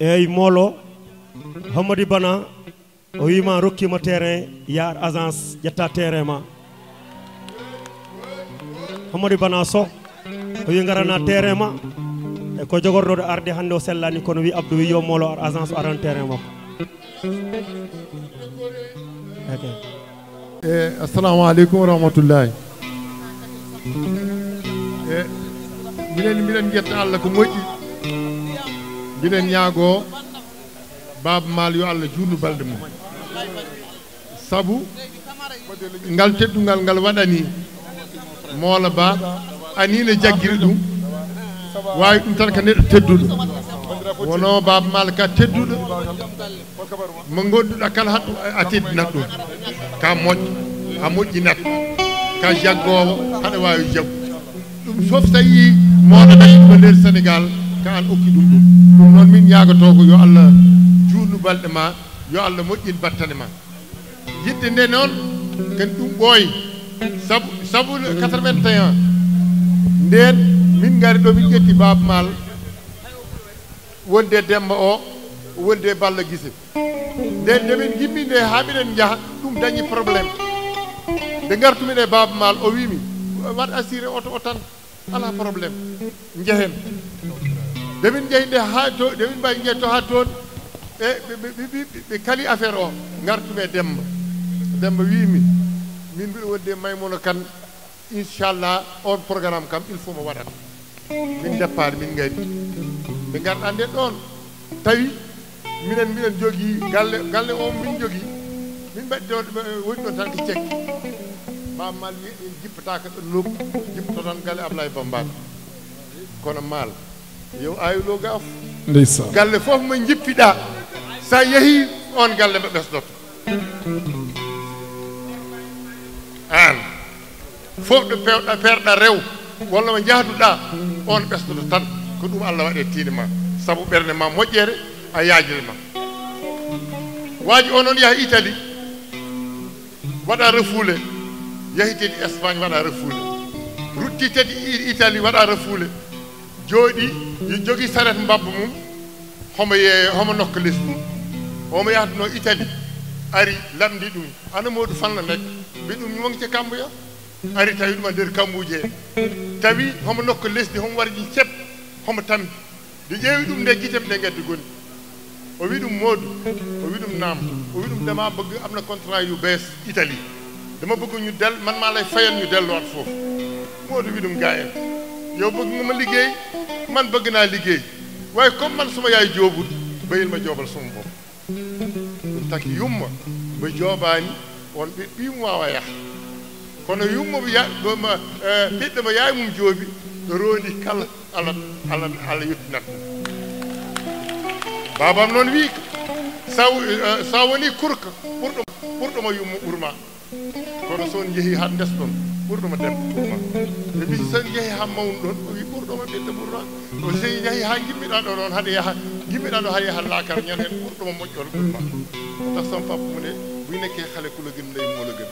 eyyi molo hammady bana o wima rokkima terrain yar agence ƴetta terrain ma hammady bana sow o wi garana terrain ma eyyi ko jogorɗo de arde hande o sellani kono wi abdou wi yo molo ar agence o arana terrain makko eyyi assalamu aleykum wa rahmatullahi e minen mbiɗen guetta allah ko moƴƴi mbiɗen ñaagoo baaba maal yo allah juurnu balɗe mum sabu ngal teddungal ngal waɗani moola ba aniine jaggiri ɗum waawi ɗum tan ko neɗɗo tedduɗo wono baaba maal ka tedduɗo mo ngonduɗa kala haɗɗu a teddinat ɗum ka moƴƴo a moƴƴinat ka jaggoowo haɗa waawi jaggu ɗum fof so yii moola ɓe ko nder sénégal kala okki dum dum ɗum noon min yaago togo yo allah juunu balde ma yo allah moƴƴin battane ma yitte nde non ken dum boy sabu sabu 81 nden min ngari do min jetti bab mal wonde demba o wonde balla gise nden ndemin gimmi nde haa minen njaha ɗum dañi de nde ngartumin e bab mal o wiimi wat assurer auto o ala problème njehen nde to demin bay nge to ha to e be be be be kali affaire o dem dem demba wiimi min mbiɗo wonde maymono kan inshallah on programme kam il faut mo wadat min deppaade min ngari be gardande don tawi minen minen jogi galle galle o min jogi min ba do woni do tan ko ba mal wi en ka do lobbu jippato tan galle ablay bambaɗo kono mal yo aylo gaaf ndeysan galle fof mo jippiɗa sa yeehi on galle mo ɓesdoto an fof ɗo pewɗa perɗa rew walla mo jahduɗa on ɓesdoto tan ko ɗum allah waɗe tiinde ma sabu ɓernde ma moƴƴere a yaajire ma waaji o noon yaha italie waɗa refuule yahitedi espagne waɗa refuule rutti tedi waɗa refuule jooɗi yo jogii saret mbabba mum homo yeeyo homo nokka leydi mum omo yahduno italie ari lamdi ɗum ana moɗu fanna nek mbi ɗum wonce kammuya ari tawi ɗum e nder kammuji he tawi homo nokka lesdi homo warji ceeb homo tampi nde ƴeewi ɗum nde guitem nde gaddi gonni o wi ɗum moodu o wi ɗum naam o wi ɗum dama bëgg am na contrat yu bees italie dama bëgg ñu del man maa lay fayal ñu delluwaat foofu moodu wi ɗum gaa en yow bëgg nga ma liggéey man bëgg naa liggéey waaye comme man suma yaay joobut bayil ma joobal suma bopp ɗum yum yumma mbo joobaani bi ɓe mu waawa yaha kono yumma mo ɗoma bi dama yaay mum joobi ɗo roondi kal ala ala ala yettinat nat babam non wii saw eh, sa ni kurka pour ɓurɗomo yumma ɓurma urma kon son njehii haa des ɗon ɓurɗoma debbo umma e min so yehi ha mawnu ɗon o wi ɓurɗoma ɓelde ɓurɗon o so hani yehi ha gimmiɗa ɗo ɗon haɗa yaha gimmiɗa ɗo haɗa yaha laakar ñan hen ɓurɗoma moƴƴol umma tax son papa mu ne buy nekkee xale ku la gën lay moo la gën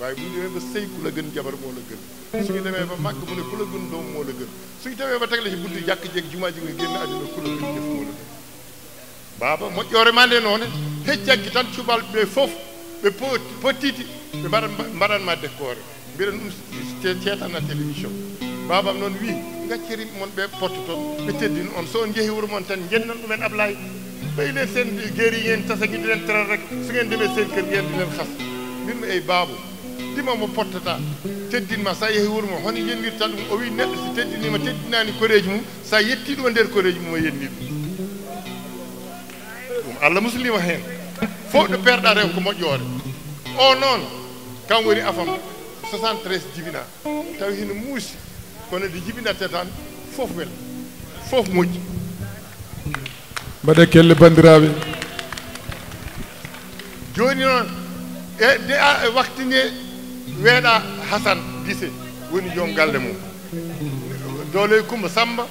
waaye bu ñu demee ba sëy ku la gën jabar moo la gën suñu demee ba màgg mu ne ku la gën doom moo la gën suñu demee ba teg la ci buntu jàkk jeeg jumaa ji nga génn àddina ku jëf moo la gën baaba moƴƴoore ma nde noone tan cubal ɓe fof ɓe potiti ɓe mbaɗan mbaɗanma décoré mbiɗen ɗum ceetanna télévision babam noon wi gacciri mon ɓe porte toon ɓe teddini on so on jeehi wuuro moon tan jennan ɗumen ablaye ɓeylen sen guéri hen tasa guidiɗen tran rek so gen ndeme sen kër yen ɗinen xas mbinmi ey baabo dima mo pottata teddinma sa yeehi wuuro mo hono yennirta ɗum o wi neɗɗo so teddinima teddinani koreji mum sa yetti ɗum nder koreji mum o yenni ɗum ɗum allah muslima hen fof ɗo perɗa rew ko moƴƴore o oh noon 73 jibinaa tawi hino muusi kono ɗi jibinatte tan fof wel fof moƴƴi mbaɗe kelle bandiraɓe joni noon e de a waktinde weeɗa hasan dise woni joom galle mum dowloy kumba samba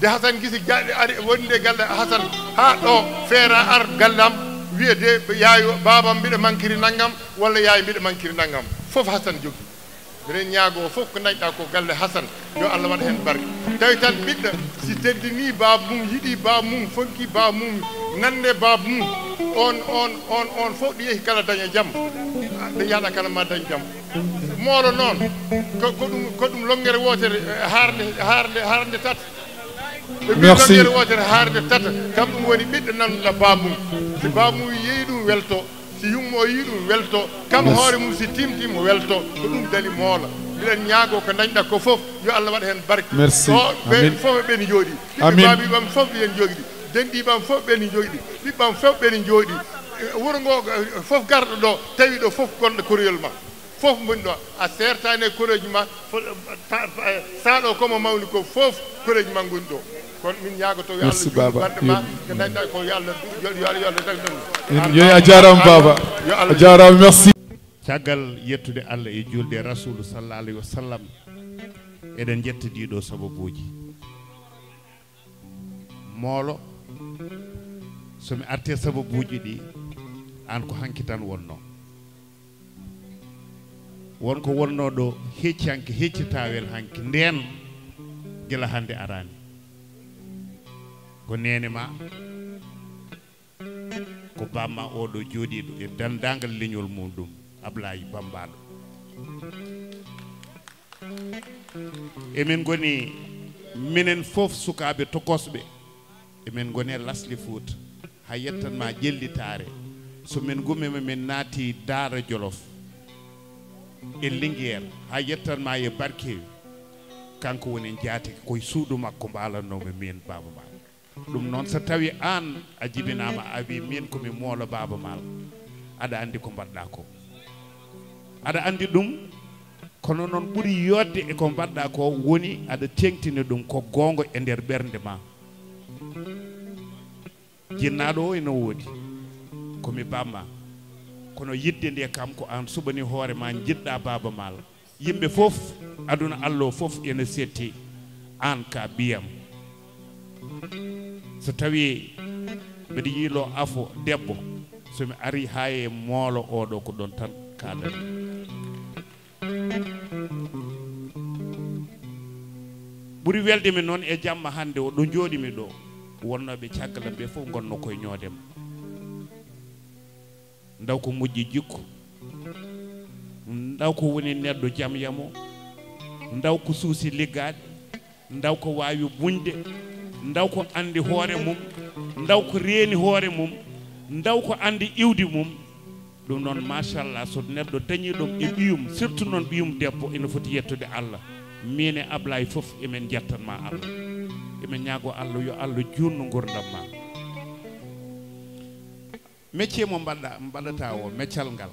de hasan gisi jaɗe ari wonde galle hasan ha ɗo feera ar galle am wiye de yaayo babam mbiɗa mankiri naggam walla yaayo mbiɗa mankiri naggam fof Hassan, jogi mbiɗen ñaago fof ko dañɗa ko galle yo allah waɗa hen barke tawi tan ɓiɗɗo si teddini baaba mum yiiɗi de mum fonki mum nande baaba on on on on fof ɗo yeehi kala daña jaam ɗo yaɗa kala ma dañ jaam moolo noon ko ɗum ko ɗum longere harde harde harde tata merci longere harde tata kam ɗum si yummo yi ɗum welto kam hoore mum si timti welto ko ɗum dali moola miɗen ñaago ko dañɗa ko fof yo allah waɗa heen barke merci o ɓen fof e ɓeni jooɗi ɓiɓɓe baaɓiɓam fof ɓiyen jooɗiɗi denɗiɓam fof ɓeni jooɗiɗi ɓiɓɓam fof ɓeni jooɗi wuro ngo fof garɗo ɗo tawi ɗo fof gonɗo koriyol ma fof boni ɗo a sertani e koreji ma saɗo komo mawni ko fof koreji ma goni kono min ñaagato yo allah baabaɓɓema ke dañɗa ko yo allah yo allah dagdan yo a jarama baba a jarama merci caggal yettude allah e julde rasulu sallah alayhi wa sallam eɗen jettadiɗo sababuji moolo somi arte sababuji ɗi an ko hanki tan wonno wonko wonno ɗo hecci hanke heccitawel hanke nden gila hande arani ko nene ma ko bamma oɗo jooɗiɗo e dandagal leñol muɗum ablayi bambaɗo emin goni minen foof sukaɓe tokosɓe emin goni e lasli fout ha yettan ma ƴellitare somin gumima min naati daara jolof e liguere ha yettan ma e barkewi kanko woni jaatiki koye suudu makko mbalannomi min bamamaɗo ɗum noon so tawi an a jibinama a wi min komi moolo baaba mal aɗa andi ko mbaɗɗa ko aɗa andi ɗum kono noon ɓuuri yodde eko mbaɗɗa ko woni aɗa tengtini ɗum ko gonga e nder ɓernde ma jinnaɗo o ene woodi komi bamma kono yidde nde kam ko an suɓani hoore ma jiɗɗa baaba mal yimɓe foof aduna allah o foof ene setti an ka ɓiyam so tawi mbiɗa yiilo afo debbo somi ari ha e moolo oɗo ko ɗon tan kaalan ɓuri welde mi noon e jamma hannde oɗo jooɗimi ɗo wonnoɓe caggalam ɓe fof gonno koye ñoodema ndaw ko moƴƴi jikku ndaw ko woni neɗɗo jam yamo ndaw ko suusi liggaaɗe ndaw ko waawi buñde ndaw ko andi hoore mum ndaw ko reeni hoore mum ndaw ko andi iwdi mum ɗum noon machallah so neɗɗo dañi ɗum e ɓiyum surtout noon ɓiyum debbo ene foti yettude allah min e ablaye foof emin jettanma allah emin ñaago allah yo allah junno gurdam ma métier mo mbaɗɗa mbaɗata o méccal ngal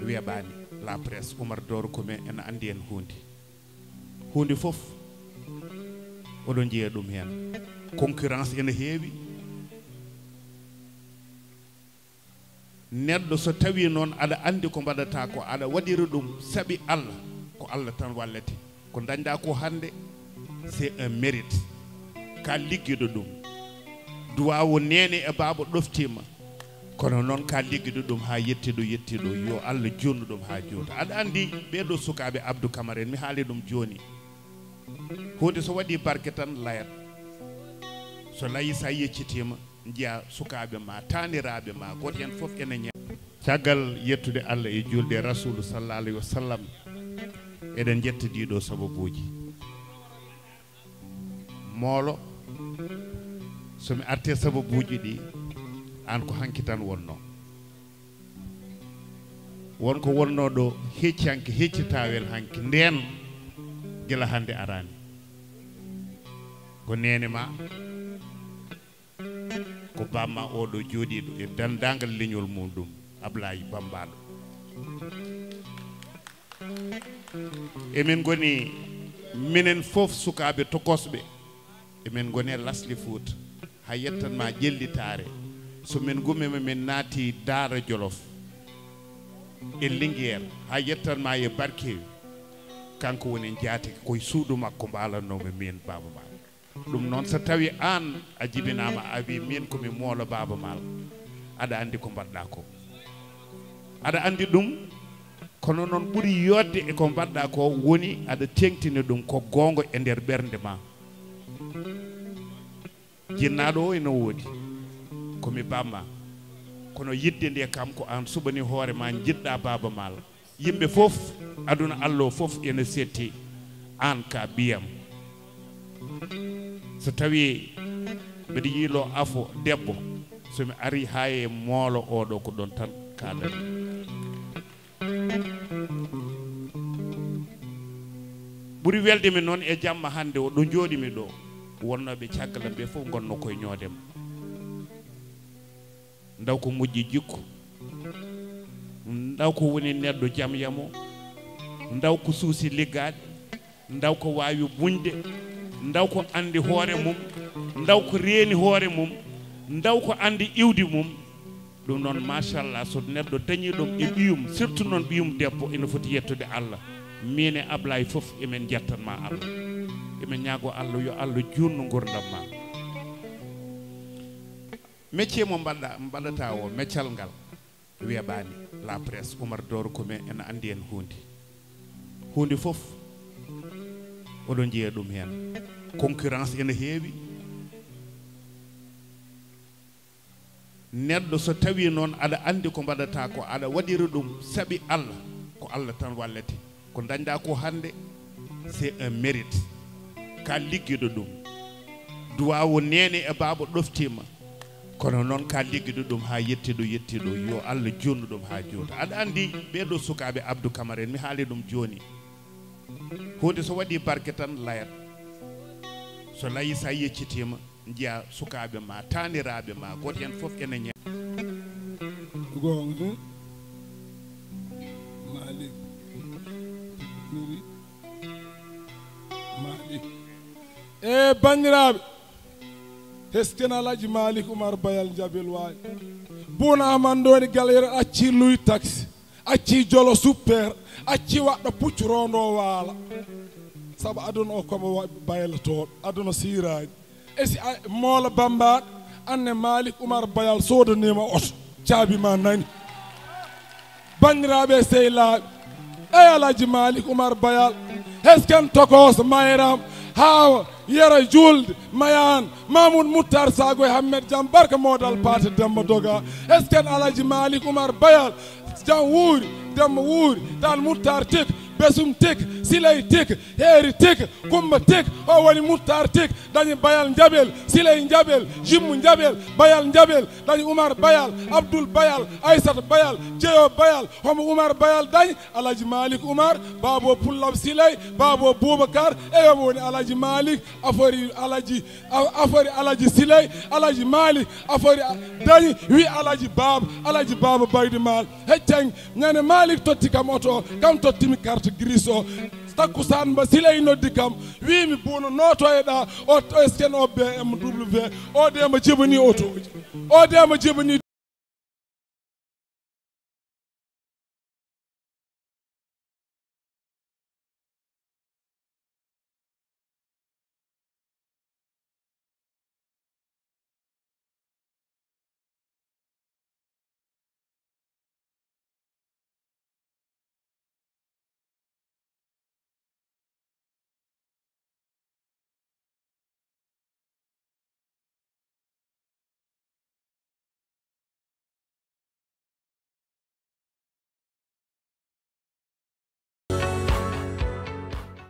weeɓani la presse oumar doro kome ene andi en hunde hunde foof oɗo jeeya ɗum hen concurrence ene heewi neɗɗo so tawi noon aɗa anndi ko mbaɗata ko aɗa waɗira ɗum saɓi allah ko allah tan wallete ko dañɗa ko hannde c'est un mérite ka liggiɗo ɗum duwawo nene e baaba ɗoftima kono noon ka liggiɗo ɗum ha yettiɗo yettiɗo yo allah jonnu ɗum ha jonta aɗa anndi ɓeɗo sukaɓe abdou camara en mi haali ɗum joni hunde so waɗi barke tan layat so layi sa yeccitima jiya sukaɓe ma taniraɓe ma goto hen foof ene ñaa caggal yettude allah e julde rasulu sallallahu alayhi wa sallam eɗen jettidiɗo sababuji moolo somi arte sababuji ɗi an ko hanki tan wonno wonko wonno ɗo hecci hanki heccitawel hanki nden gila hande arani ko nene ma ko bamma oɗo jooɗiɗo e dendagal leñol muɗum ablayi bambaɗo emin goni minen fof sukaɓe tokosɓe emin goni e lasli fout ha yettanma ƴellitare somin gumima min naati daara jolof e liguére ha yettanma e barkewi kanko woni jaatiki koye suudu makko mbalannomi min bamamaɗo ɗum noon so tawi an a jibinama a wi min komi moolo baaba mal aɗa andi ko mbaɗɗa ko aɗa andi ɗum kono noon ɓuuri yodde eko mbaɗɗa ko woni aɗa tengtini ɗum ko gonga e nder ɓernde ma jinnaɗo o ene woodi komi bamma kono yidde nde kam ko an suɓani hoore ma jiɗɗa baaba mal yimɓe foof aduna allah o foof ene setti an ka ɓiyam so tawi mbiɗa yiilo afo debbo somi ari ha e moolo oɗo ko ɗon tan kaadan ɓuri welde mi noon e jamma hannde o ɗo jooɗimi ɗo wonnoɓe caggalam ɓe fof gonno koye ñoodema ndaw ko moƴƴi jikku ndaw ko woni neɗɗo jam yamo ndaw ko suusi liggaade ndaw ko waawi buñde ndaw ko andi hoore mum ndaw ko reeni hoore mum ndaw ko andi iwdi mum ɗum noon machallah so neɗɗo dañi ɗum e ɓiyum surtout noon ɓiyum debbo ene foti yettude allah min e ablaye foof emin jettanma allah emin ñaago allah yo allah junno gurdam ma métier mo mbaɗɗa mbaɗata o méccal ngal weeɓani la presse oumar dor ko men ene andi en hunde hunde foof oɗon jeeya ɗum heen concurrence ene heewi neɗɗo so tawi noon aɗa anndi ko mbaɗata ko aɗa waɗira ɗum saɓi allah ko allah tan wallete ko dañda ko hannde c' est un mérite ka liggiɗo ɗum duwawo nene e baaba ɗoftima kono noon ka liggiɗo ɗum ha yettiɗo yettiɗo yo allah jonnu ɗum ha jooni aɗa anndi ɓeɗo sukaɓe abdou camara en mi haali ɗum jooni hunde so waɗi barke tan layat so layi sa yeccitima jiya sukaɓe ma taniraɓe ma goto hen foof ene ñe gonga malik nuri malik e bandiraɓe hesken alaji malik oumar bayal jabel wawi bona aman ɗo ni galere acci luy taxi acci jolo suppeer acci waɗɗo puccu rondo waala sabu aduna o koɓo baylotooɗo aduna siiraaji e si moola bambaaɗo anne malik oumar bayal soodaniima oto caabi ma nani banndiraaɓe e sey laaɓi ɗay alaji malik oumar bayal heskan tokoos mayram haa yera julde mayan mamoud moutar sago e hammed diam barka modal pate demba doga est ce que en alaji malik oumar bayal jam wuuri demba wuuri tan moutar tek besum tek silay tek heeri tek kumba tek o woni muttar tek dañi bayal Jabel, silay jaɓel Jimun Jabel, bayal Jabel, dañi Umar bayal Abdul bayal aissata bayal jeeyo bayal homu Umar bayal dani alaji malik Babu babo pullab silay babo boubacar eyomo woni alaji malik afori alaji afori alaji silay alaji malik afori dañi wi alajibab baba alaji baba baydi mal heccen ñande malik totti kam oto kam carte jeesu kristo sakkusan mba silay noddi kam wimi buuno notoyoɗa o sken obbe mw o de mbo jibani auto oji o de mbo jibani